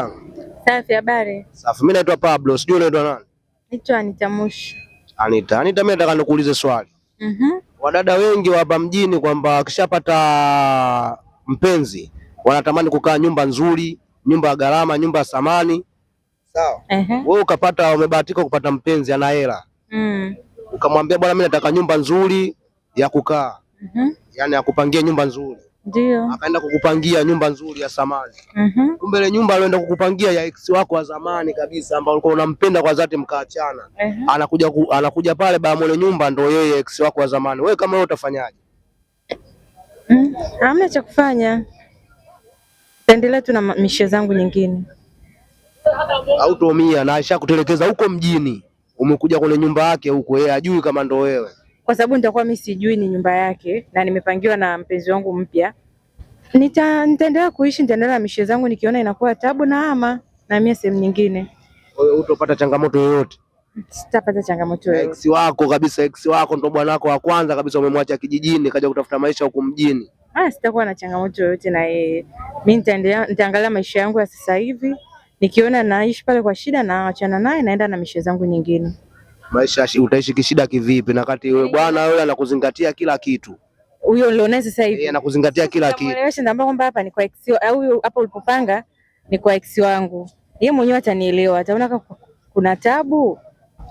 yangu? Safi, habari? Safi. Mimi naitwa Pablo, sijui unaitwa nani? Naitwa Anita Mushi. Anita, Anita, mimi nataka nikuulize swali. Mhm. Mm, wadada wengi wa hapa mjini kwamba wakishapata mpenzi wanatamani kukaa nyumba nzuri, nyumba ya gharama, nyumba ya samani, sawa? Wewe ukapata, umebahatika kupata mpenzi ana hela, Mhm. ukamwambia bwana, mimi nataka nyumba nzuri ya kukaa, mm yaani akupangie nyumba nzuri ndio. Akaenda kukupangia nyumba nzuri ya samani. Mhm. Mm Kumbe ile nyumba alioenda kukupangia ya ex wako wa zamani kabisa ambao ulikuwa unampenda kwa dhati mkaachana. mm -hmm. Anakuja ku, anakuja pale bamole nyumba ndio yeye ex wako wa zamani. Wewe kama wewe utafanyaje? Mm. Hamna cha kufanya. Endelea tu na mishe zangu nyingine. Au na aisha kutelekeza huko mjini. Umekuja kwenye nyumba yake huko yeye ajui kama ndio wewe kwa sababu nitakuwa mimi sijui ni nyumba yake na nimepangiwa na mpenzi wangu mpya, nita nitaendelea kuishi, nitaendelea na mishe zangu, nikiona inakuwa tabu na ama na mimi sehemu nyingine. Utopata changamoto yoyote? Sitapata changamoto yoyote. Ex wako kabisa, ex wako ndo bwana wako wa kwanza kabisa, umemwacha kijijini, kaja kutafuta maisha huko mjini. Ah, sitakuwa na changamoto yoyote na yeye. Mimi nitaendelea, nitaangalia maisha yangu ya sasa hivi, nikiona naishi pale kwa shida na achana naye, naenda na mishe zangu nyingine maisha utaishi kishida kivipi, na kati wewe bwana wewe anakuzingatia kila kitu huyo nilionaye sasa hivi anakuzingatia kila kitu. Nitaambia kwamba hapa ni kwa ex au huyo hapa ulipopanga ni kwa ex wangu, yeye mwenyewe atanielewa, ataona kuna tabu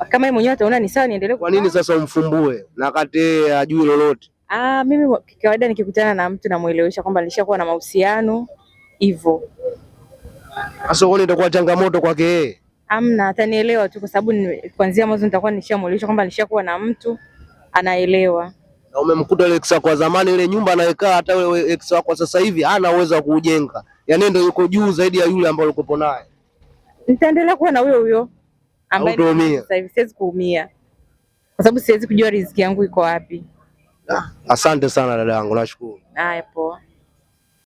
kama yeye mwenyewe ataona ni sawa, niendelee. Kwa nini sasa umfumbue na kati ajui lolote? Ah, mimi kawaida nikikutana na mtu namuelewesha kwamba nilishakuwa na mahusiano hivyo. Sasa uone itakuwa changamoto kwake yeye amna, atanielewa tu kwa sababu kuanzia mwanzo nitakuwa nishamuelewesha kwamba nishakuwa na mtu anaelewa. Na umemkuta ile ex wako zamani, ile nyumba anayekaa hata ile ex wako sasa hivi hana uwezo wa kuujenga, yaani ndio yuko juu zaidi ya yule ambaye ulikopo naye. Nitaendelea kuwa na huyo huyo ambaye sasa hivi siwezi kuumia kwa sababu siwezi kujua riziki yangu iko wapi. Ah, asante sana dada yangu, nashukuru. Haya, poa.